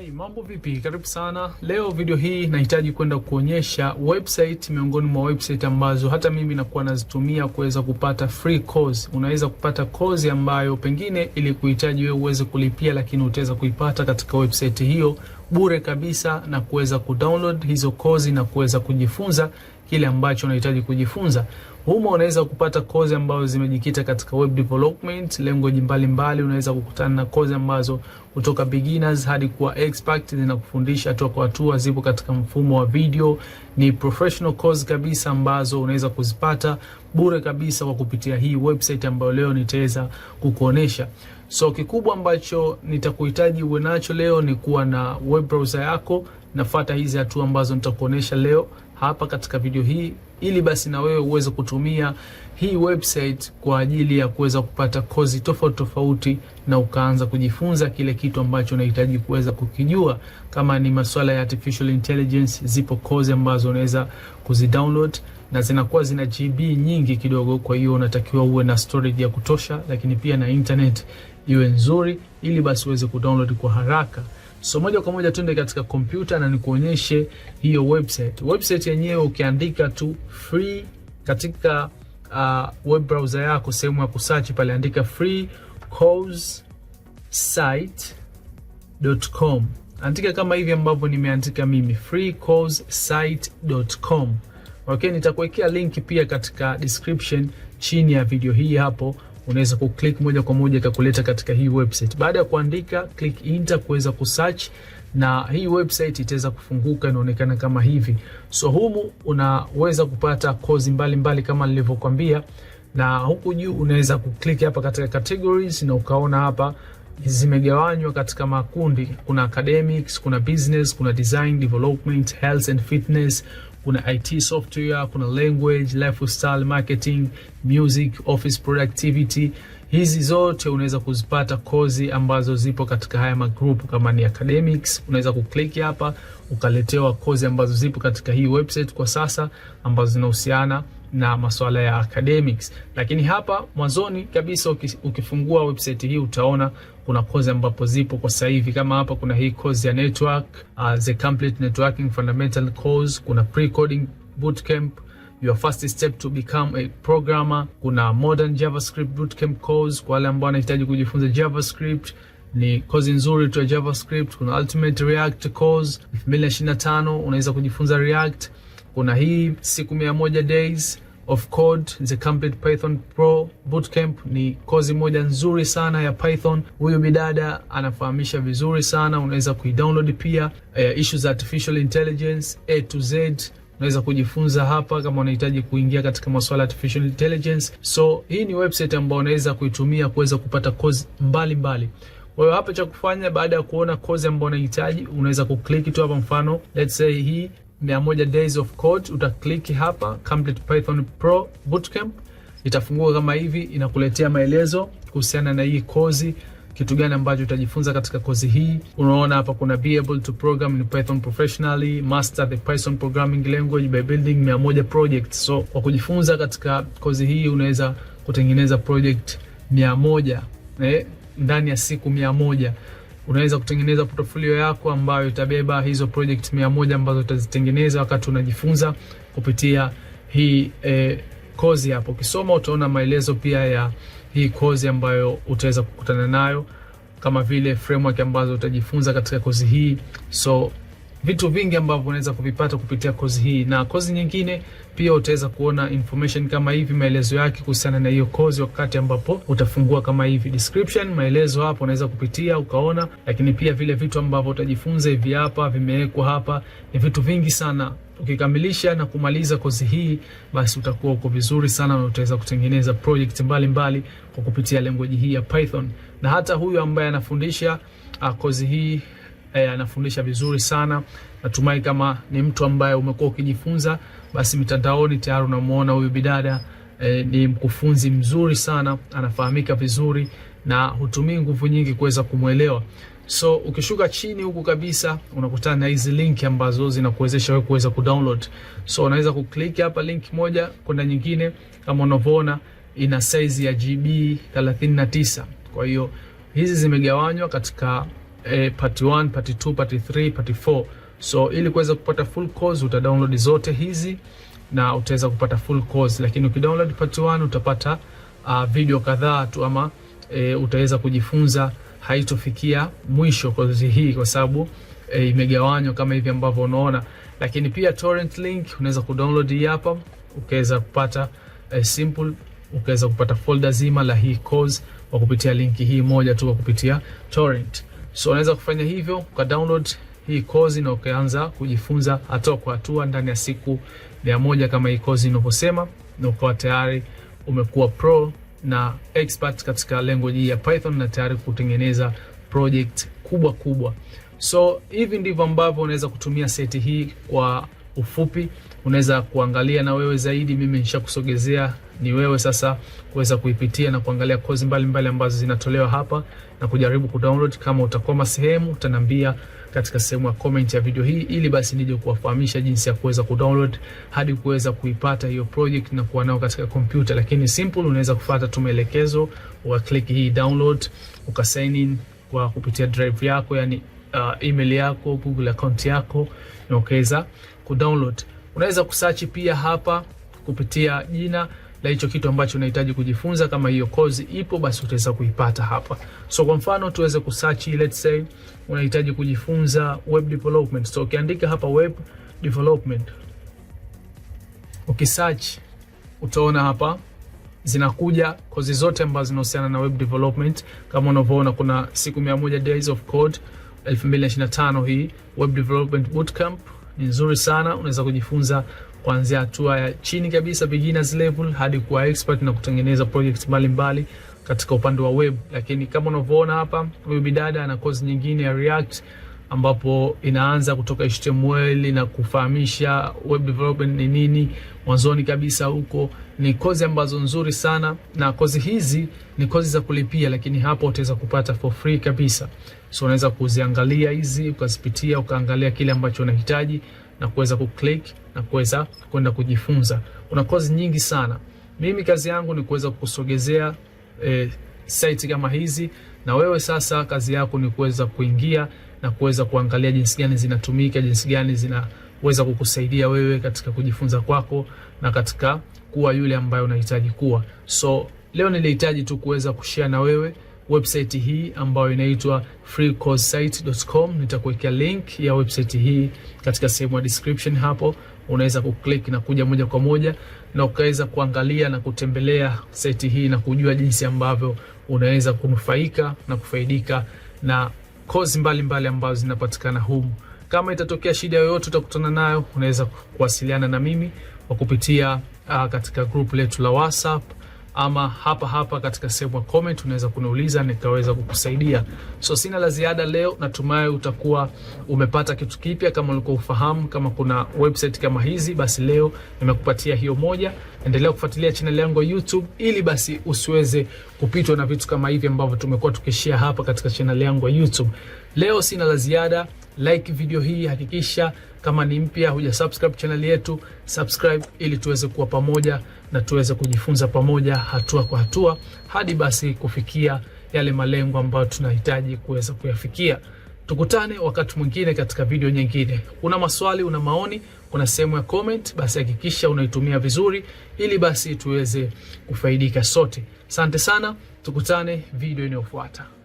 Hey, mambo vipi? Karibu sana. Leo video hii nahitaji kwenda kuonyesha website miongoni mwa website ambazo hata mimi nakuwa nazitumia kuweza kupata free course. Unaweza kupata course ambayo pengine ilikuhitaji wewe uweze kulipia, lakini utaweza kuipata katika website hiyo bure kabisa na kuweza kudownload hizo course na kuweza kujifunza kile ambacho unahitaji kujifunza. Humo unaweza kupata kozi ambazo zimejikita katika web development, language mbalimbali. Unaweza kukutana na kozi ambazo kutoka beginners hadi kuwa expert zinakufundisha hatua kwa hatua, zipo katika mfumo wa video. Ni professional course kabisa ambazo unaweza kuzipata bure kabisa kwa kupitia hii website ambayo leo nitaweza kukuonesha. So kikubwa ambacho nitakuhitaji uwe nacho leo ni kuwa na web browser yako. Nafuata hizi hatua ambazo nitakuonesha leo hapa katika video hii ili basi na wewe uweze kutumia hii website kwa ajili ya kuweza kupata kozi tofauti tofauti na ukaanza kujifunza kile kitu ambacho unahitaji kuweza kukijua. Kama ni masuala ya artificial intelligence, zipo kozi ambazo unaweza kuzidownload na zinakuwa zina GB nyingi kidogo, kwa hiyo unatakiwa uwe na storage ya kutosha, lakini pia na internet iwe nzuri, ili basi uweze kudownload kwa haraka. So moja kwa moja tuende katika kompyuta na nikuonyeshe hiyo website. Website yenyewe ukiandika tu free katika uh, web browser yako, sehemu ya kusearch pale andika free course site.com. Andika kama hivi ambavyo nimeandika mimi freecoursesite.com. Okay, nitakuwekea link pia katika description chini ya video hii hapo unaweza kuclick moja kwa moja ikakuleta katika hii website. Baada ya kuandika click enter kuweza kusearch na hii website itaweza kufunguka, inaonekana kama hivi. So humu unaweza kupata kozi mbalimbali kama nilivyokuambia, na huku juu unaweza kuclick hapa katika categories na ukaona hapa zimegawanywa katika makundi. Kuna academics, kuna business, kuna design development, health and fitness kuna IT software, kuna language, lifestyle marketing, music, office productivity Hizi zote unaweza kuzipata kozi ambazo zipo katika haya magrupu, kama ni academics, unaweza kukliki hapa ukaletewa kozi ambazo zipo katika hii website kwa sasa ambazo zinahusiana na masuala ya academics. Lakini hapa mwanzoni kabisa ukifungua website hii utaona kuna kozi ambapo zipo kwa sasa hivi, kama hapa kuna hii kozi ya network, uh, the complete networking fundamental course, kuna pre-coding bootcamp your first step to become a programmer. Kuna modern javascript bootcamp course kwa wale ambao wanahitaji kujifunza javascript ni kozi nzuri tu ya JavaScript. Kuna Ultimate React course 2025 unaweza kujifunza React. Kuna hii siku 100 days of code the complete Python Pro Bootcamp, ni kozi moja nzuri sana ya Python. Huyu bidada anafahamisha vizuri sana, unaweza kuidownload pia. Uh, issues artificial intelligence A to Z unaweza kujifunza hapa kama unahitaji kuingia katika masuala ya artificial intelligence. So hii ni website ambayo unaweza kuitumia kuweza kupata course mbalimbali. Kwa hiyo hapa cha kufanya baada ya kuona course ambayo unahitaji, unaweza kuclick tu hapa, mfano let's say hii 100 days of code, utaclick hapa complete Python Pro Bootcamp, itafunguka kama hivi, inakuletea maelezo kuhusiana na hii course kitu gani ambacho utajifunza katika kozi hii. Unaona hapa kuna be able to program in Python professionally, master the Python programming language by building 100 project. So kwa kujifunza katika kozi hii unaweza kutengeneza project 100 eh, ndani ya siku 100 unaweza kutengeneza portfolio yako ambayo itabeba hizo project 100 ambazo utazitengeneza wakati unajifunza kupitia hii eh, kozi hapo. Ukisoma utaona maelezo pia ya hii kozi ambayo utaweza kukutana nayo, kama vile framework ambazo utajifunza katika kozi hii so vitu vingi ambavyo unaweza kuvipata kupitia kozi hii na kozi nyingine pia utaweza kuona information kama hivi, maelezo yake kuhusiana na hiyo kozi, wakati ambapo utafungua kama hivi description, maelezo hapo unaweza kupitia ukaona. Lakini pia vile vitu ambavyo utajifunza hivi hapa vimewekwa hapa, ni vitu vingi sana. Ukikamilisha na kumaliza kozi hii, basi utakuwa uko vizuri sana na utaweza kutengeneza project mbalimbali kwa kupitia language hii ya Python, na hata huyu ambaye anafundisha ah, kozi hii eh, anafundisha vizuri sana. Natumai kama ni mtu ambaye umekuwa ukijifunza basi mitandaoni tayari unamuona huyu bidada eh, ni mkufunzi mzuri sana, anafahamika vizuri na hutumii nguvu nyingi kuweza kumwelewa. So ukishuka chini huku kabisa unakutana na hizi link ambazo zinakuwezesha wewe kuweza kudownload. So unaweza kuclick hapa link moja kwenda nyingine, kama unavyoona ina size ya GB 39. Kwa hiyo hizi zimegawanywa katika eh, part 1, part 2, part 3, part 4. So ili kuweza kupata full course uta download zote hizi na utaweza kupata full course, lakini ukidownload part 1 utapata uh, video kadhaa tu ama e, utaweza kujifunza, haitofikia mwisho kozi hii kwa sababu e, imegawanywa kama hivi ambavyo unaona, lakini pia torrent link unaweza kudownload hii hapa ukaweza kupata e, simple ukaweza kupata folder zima la hii course kwa kupitia linki hii moja tu kwa kupitia torrent. So unaweza kufanya hivyo uka download hii kozi na ukaanza kujifunza hatua kwa hatua ndani ya siku mia moja kama hii kozi inavyosema, na ukawa tayari umekuwa pro na expert katika language hii ya Python na tayari kutengeneza project kubwa kubwa. So hivi ndivyo ambavyo unaweza kutumia seti hii kwa ufupi. Unaweza kuangalia na wewe zaidi, mimi nishakusogezea, ni wewe sasa kuweza kuipitia na kuangalia kozi mbalimbali ambazo zinatolewa hapa na kujaribu kudownload. Kama utakoma sehemu, utaniambia katika sehemu ya comment ya video hii, ili basi nije kuwafahamisha jinsi ya kuweza kudownload hadi kuweza kuipata hiyo project na kuwa nayo katika kompyuta. Lakini simple, unaweza kufuata tu maelekezo, wa click hii download, uka sign in kwa kupitia drive yako, yani uh, email yako, Google account yako, na ukaweza kudownload. Unaweza kusearch pia hapa kupitia jina la hicho kitu ambacho unahitaji kujifunza. Kama hiyo kozi ipo, basi utaweza kuipata hapa. So kwa mfano tuweze kusearch, let's say unahitaji kujifunza web development, so ukiandika hapa web development, ukisearch utaona hapa zinakuja kozi zote ambazo zinahusiana na web development. Kama unavyoona kuna siku 100 days of code 2025 hii web development bootcamp ni nzuri sana, unaweza kujifunza kuanzia hatua ya chini kabisa beginners level hadi kuwa expert na kutengeneza projects mbalimbali katika upande wa web. Lakini kama unavyoona hapa, huyu bidada ana course nyingine ya React ambapo inaanza kutoka HTML na kufahamisha web development ni nini mwanzoni kabisa huko. Ni kozi ambazo nzuri sana, na kozi hizi ni kozi za kulipia, lakini hapo utaweza kupata for free kabisa. So unaweza kuziangalia hizi ukazipitia, ukaangalia kile ambacho unahitaji na kuweza kuclick na kuweza kwenda kujifunza. Kuna kozi nyingi sana. Mimi kazi yangu ni kuweza kukusogezea eh, site kama hizi na wewe sasa kazi yako ni kuweza kuingia na kuweza kuangalia jinsi gani zinatumika, jinsi gani zinaweza kukusaidia wewe katika kujifunza kwako na katika kuwa yule ambaye unahitaji kuwa. So leo nilihitaji tu kuweza kushare na wewe website hii ambayo inaitwa freecoursesite.com. Nitakuwekea link ya website hii katika sehemu ya description hapo, unaweza kuklik na kuja moja kwa moja na ukaweza kuangalia na kutembelea seti hii na kujua jinsi ambavyo unaweza kunufaika na kufaidika na kozi mbalimbali ambazo zinapatikana humu. Kama itatokea shida yoyote utakutana nayo, unaweza kuwasiliana na mimi kwa kupitia uh, katika grupu letu la WhatsApp ama hapa hapa katika sehemu ya comment unaweza kuniuliza nikaweza kukusaidia. So sina la ziada leo, natumai utakuwa umepata kitu kipya kama ulikuwa ufahamu. Kama kuna website kama hizi, basi leo nimekupatia hiyo moja. Endelea kufuatilia channel yangu ya YouTube ili basi usiweze kupitwa na vitu kama hivi ambavyo tumekuwa tukishia hapa katika channel yangu ya YouTube. Leo sina la ziada like video hii, hakikisha kama ni mpya huja subscribe channel yetu, subscribe ili tuweze kuwa pamoja na tuweze kujifunza pamoja hatua kwa hatua hadi basi kufikia yale malengo ambayo tunahitaji kuweza kuyafikia. Tukutane wakati mwingine katika video nyingine. Una maswali, una maoni, kuna sehemu ya comment, basi hakikisha unaitumia vizuri ili basi tuweze kufaidika sote. Asante sana, tukutane video inayofuata.